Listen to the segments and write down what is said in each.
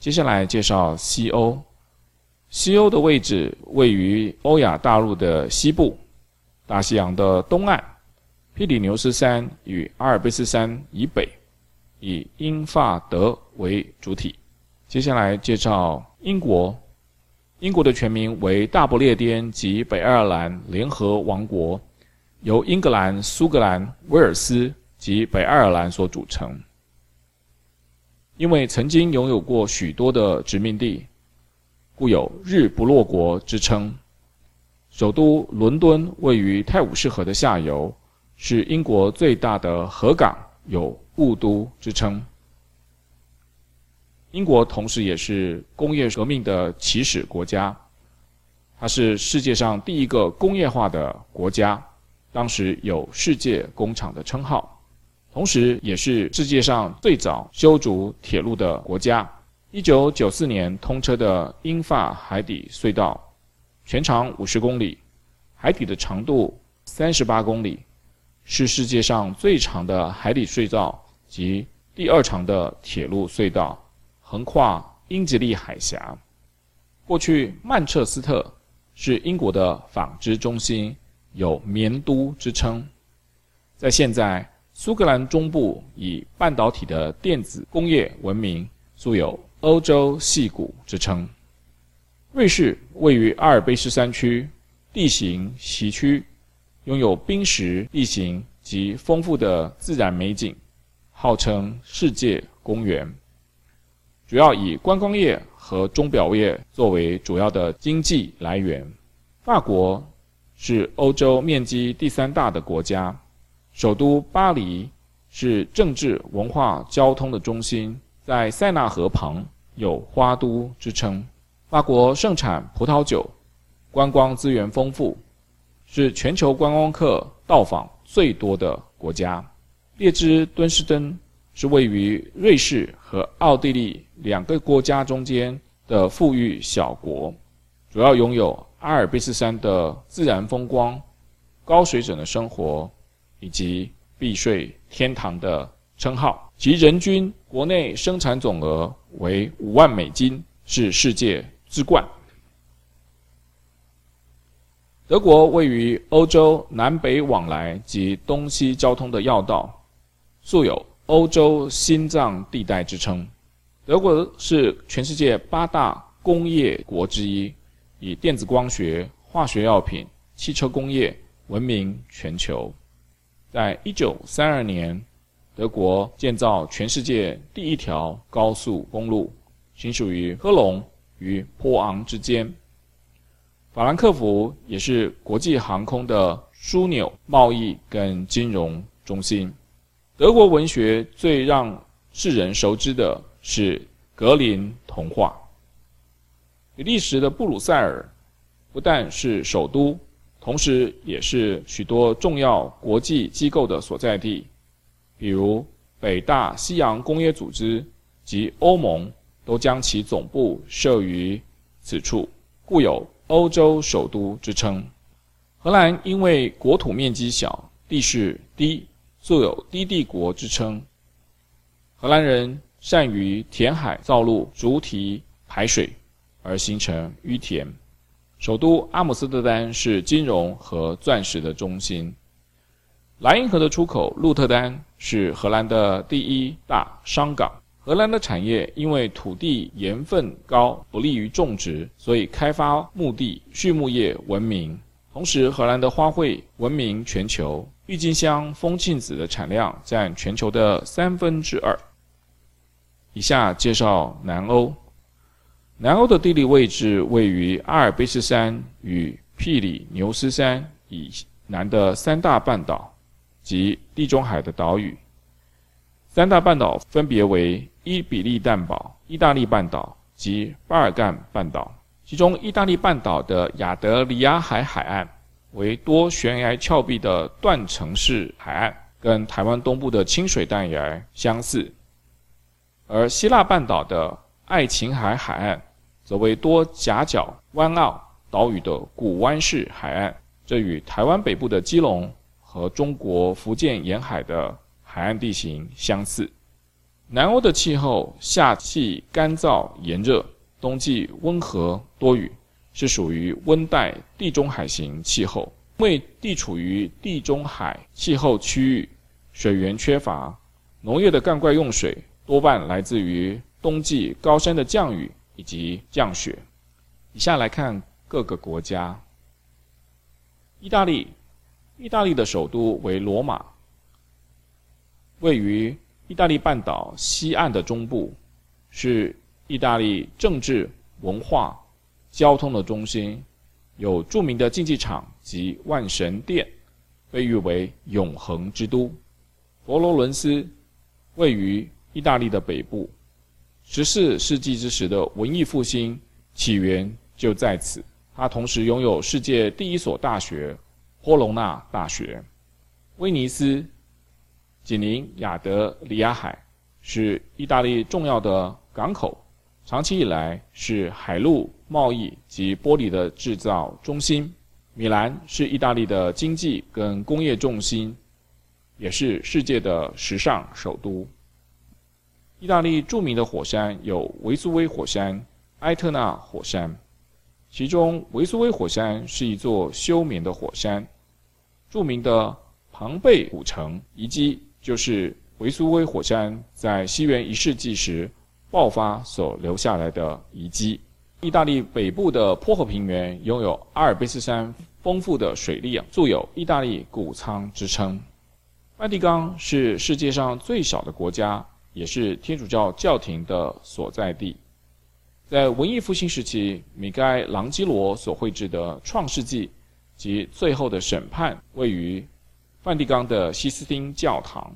接下來介紹西歐。西歐的位置位於歐亞大陸的西部，大西洋的東岸，庇里牛斯山與阿爾卑斯山以北，以英法德為主體。接下來介紹英國。英國的全名為大不列顛及北愛爾蘭聯合王國，由英格蘭、蘇格蘭、威爾斯及北愛爾蘭所組成。因為曾經擁有過許多的殖民地，故有“日不落國”之稱。首都倫敦位於泰晤士河的下游，是英國最大的河港，有“霧都”之稱。英國同時也是工業革命的起始國家，它是世界上第一個工業化的國家，當時有“世界工廠”的稱號。同時，也是世界上最早修築鐵路的國家。一九九四年通車的英法海底隧道，全長五十公里，海底的長度三十八公里，是世界上最長的海底隧道及第二長的鐵路隧道，橫跨英吉利海峽。過去，曼徹斯特是英國的紡織中心，有“棉都”之稱。在現在。蘇格蘭中部以半導體的電子工業聞名，素有“歐洲矽谷”之稱。瑞士位於阿爾卑斯山區，地形崎嶇，擁有冰蝕地形及豐富的自然美景，號稱世界公園。主要以觀光業和鐘表業作為主要的經濟來源。法國是歐洲面積第三大的國家。首都巴黎是政治、文化、交通的中心，在塞納河旁有“花都”之稱。法國盛產葡萄酒，觀光資源豐富，是全球觀光客到訪最多的國家。列支敦士登是位於瑞士和奧地利兩個國家中間的富裕小國，主要擁有阿爾卑斯山的自然風光，高水準的生活。以及避稅天堂的稱號，其人均國內生產總額為五萬美金，是世界之冠。德國位於歐洲南北往來及東西交通的要道，素有“歐洲心臟地帶”之稱。德國是全世界八大工業國之一，以電子光學、化學藥品、汽車工業聞名全球。在一九三二年，德國建造全世界第一條高速公路，行駛於科隆與波昂之間。法蘭克福也是國際航空的樞紐、貿易跟金融中心。德國文學最讓世人熟知的是格林童話。比利時的布魯塞爾不但是首都。同時，也是許多重要國際機構的所在地，比如北大西洋公約組織及歐盟都將其總部設於此處，故有“歐洲首都”之稱。荷蘭因為國土面積小、地勢低，素有“低地國”之稱。荷蘭人善於填海造陸、築堤排水，而形成圩田。首都阿姆斯特丹是金融和鑽石的中心。萊茵河的出口鹿特丹是荷蘭的第一大商港。荷蘭的產業因為土地鹽分高，不利於種植，所以開發牧地，畜牧業聞名。同時，荷蘭的花卉聞名全球，鬱金香、風信子的產量占全球的三分之二。以下介紹南歐。南歐的地理位置位於阿爾卑斯山與庇里牛斯山以南的三大半島及地中海的島嶼。三大半島分別為伊比利亞半島、意大利半島及巴爾干半島。其中，意大利半島的亞得裡亞海海岸為多懸崖峭壁的斷層式海岸，跟台灣東部的清水斷崖相似。而希臘半島的愛琴海海岸。則為多夾角灣澳島嶼的谷灣式海岸，這與台灣北部的基隆和中國福建沿海的海岸地形相似。南歐的氣候，夏季乾燥炎熱，冬季溫和多雨，是屬於溫帶地中海型氣候。因為地處於地中海氣候區域，水源缺乏，農業的灌溉用水多半來自於冬季高山的降雨。以及降雪。以下來看各個國家。意大利，意大利的首都為羅馬，位於意大利半島西岸的中部，是意大利政治、文化、交通的中心，有著名的競技場及萬神殿，被譽為“永恆之都”。佛羅倫斯位於意大利的北部。十四世紀之時的文藝復興起源就在此。它同時擁有世界第一所大學——波隆納大學。威尼斯，緊鄰亞得里亞海，是意大利重要的港口，長期以來是海陸貿易及玻璃的制造中心。米蘭是意大利的經濟跟工業重心，也是世界的時尚首都。意大利著名的火山有維蘇威火山、埃特納火山，其中維蘇威火山是一座休眠的火山。著名的龐貝古城遺跡就是維蘇威火山在西元一世紀時爆發所留下來的遺跡。意大利北部的波河平原擁有阿爾卑斯山豐富的水力啊，素有“意大利穀倉”之稱。梵蒂岡是世界上最小的國家。也是天主教教廷的所在地，在文藝復興時期，米蓋朗基羅所繪製的《創世紀》及《最後的審判》位於梵蒂岡的西斯汀教堂。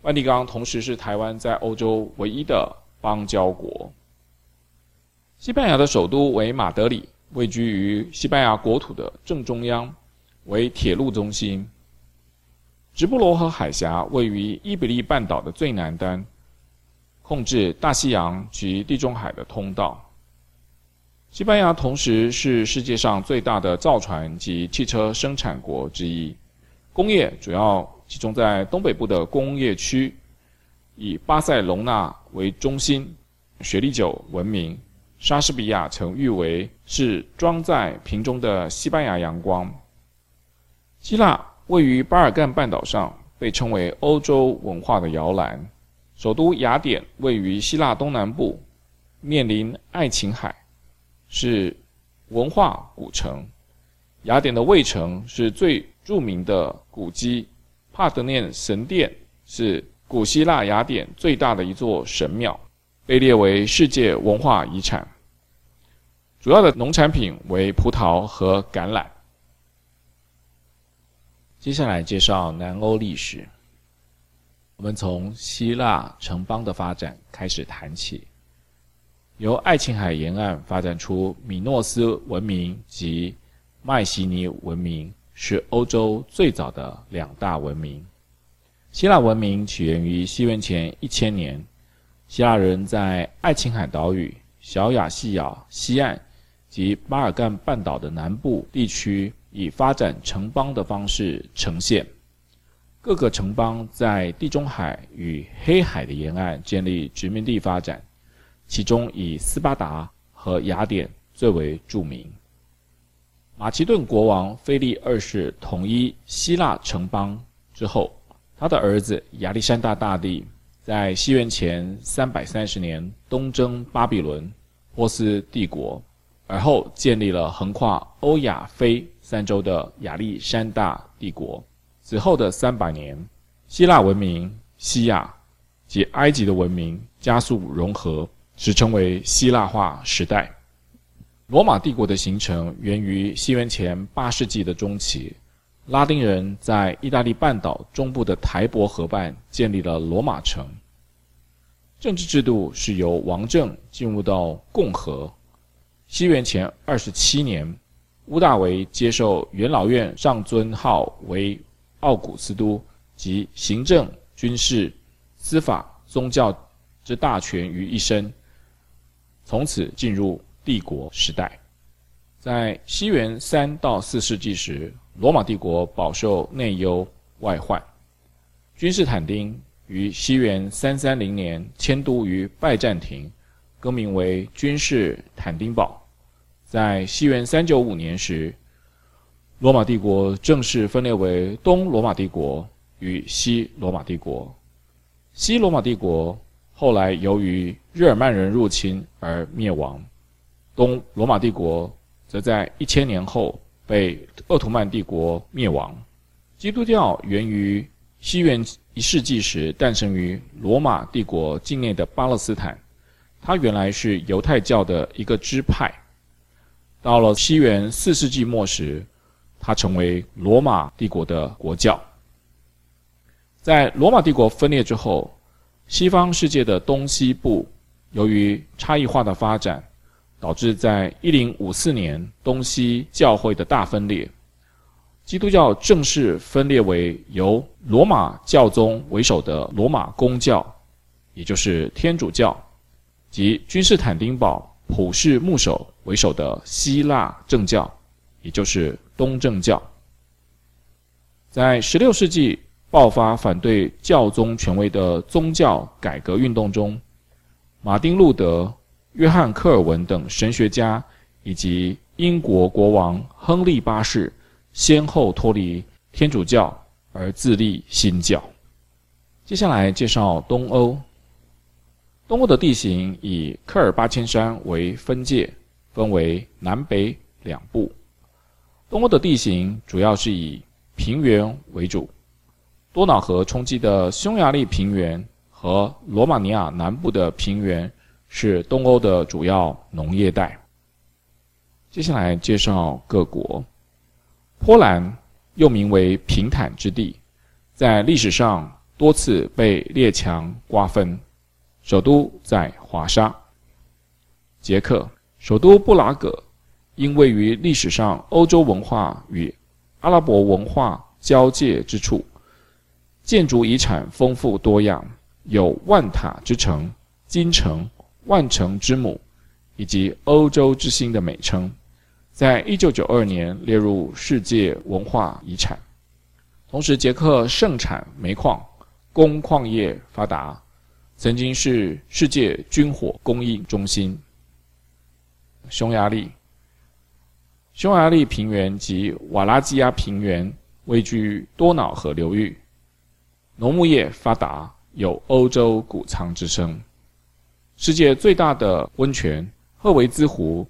梵蒂岡同時是台灣在歐洲唯一的邦交國。西班牙的首都為馬德里，位居於西班牙國土的正中央，為鐵路中心。直布羅河海峽位於伊比利半島的最南端，控制大西洋及地中海的通道。西班牙同時是世界上最大的造船及汽車生產國之一，工業主要集中在東北部的工業區，以巴塞隆納為中心，雪莉酒聞名。莎士比亞曾譽為是裝在瓶中的西班牙陽光。希臘。位於巴爾幹半島上，被稱為歐洲文化的搖籃。首都雅典位於希臘東南部，面臨愛琴海，是文化古城。雅典的衛城是最著名的古蹟，帕德嫩神殿是古希臘雅典最大的一座神廟，被列為世界文化遺產。主要的農產品為葡萄和橄欖。接下來介紹南歐歷史。我們從希臘城邦的發展開始談起。由愛琴海沿岸發展出米諾斯文明及邁錫尼文明，是歐洲最早的兩大文明。希臘文明起源於西元前一千年，希臘人在愛琴海島嶼、小亞細亞西岸及巴爾干半島的南部地區。以發展城邦的方式呈現，各個城邦在地中海與黑海的沿岸建立殖民地發展，其中以斯巴達和雅典最為著名。馬其頓國王腓力二世統一希臘城邦之後，他的兒子亞歷山大大帝在西元前三百三十年東征巴比倫波斯帝國，而後建立了橫跨歐亞非。三洲的亞歷山大帝國，此後的三百年，希臘文明、西亞及埃及的文明加速融合，史稱為希臘化時代。羅馬帝國的形成源於西元前八世紀的中期，拉丁人在意大利半島中部的台伯河畔建立了羅馬城。政治制度是由王政進入到共和。西元前二十七年。烏大維接受元老院上尊號為奧古斯都，及行政、軍事、司法、宗教之大權於一身，從此進入帝國時代。在西元三到四世紀時，羅馬帝國飽受內憂外患。君士坦丁於西元三三零年遷都於拜占庭，更名為君士坦丁堡。在西元三九五年時，羅馬帝國正式分裂為東羅馬帝國與西羅馬帝國。西羅馬帝國後來由於日耳曼人入侵而滅亡，東羅馬帝國則在一千年後被鄂圖曼帝國滅亡。基督教源於西元一世紀時誕生於羅馬帝國境內的巴勒斯坦，它原來是猶太教的一個支派。到了西元四世紀末時，它成為羅馬帝國的國教。在羅馬帝國分裂之後，西方世界的東西部由於差異化的發展，導致在1054年東西教會的大分裂。基督教正式分裂為由羅馬教宗為首的羅馬公教，也就是天主教，及君士坦丁堡普世牧首。為首的希臘正教，也就是東正教。在16世紀爆發反對教宗權威的宗教改革運動中，馬丁·路德、約翰·科爾文等神學家以及英國國王亨利八世先後脫離天主教而自立新教。接下來介紹東歐。東歐的地形以喀爾巴阡山為分界。分為南北兩部，東歐的地形主要是以平原為主，多瑙河衝擊的匈牙利平原和羅馬尼亞南部的平原是東歐的主要農業帶。接下來介紹各國，波蘭又名為平坦之地，在歷史上多次被列強瓜分，首都在華沙，捷克。首都布拉格因位於歷史上歐洲文化與阿拉伯文化交界之處，建築遺產豐富多樣，有“萬塔之城”、“金城”、“萬城之母”以及“歐洲之星”的美稱，在1992年列入世界文化遺產。同時，捷克盛產煤礦，工礦業發達，曾經是世界軍火供應中心。匈牙利，匈牙利平原及瓦拉基亞平原位居多瑙河流域，農牧業發達，有“歐洲穀倉”之稱。世界最大的溫泉赫維茲湖，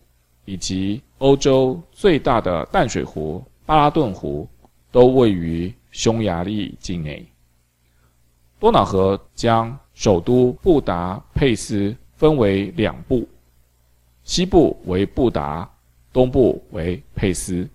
以及歐洲最大的淡水湖巴拉頓湖，都位於匈牙利境內。多瑙河將首都布達佩斯分為兩部。西部為布達，東部為佩斯。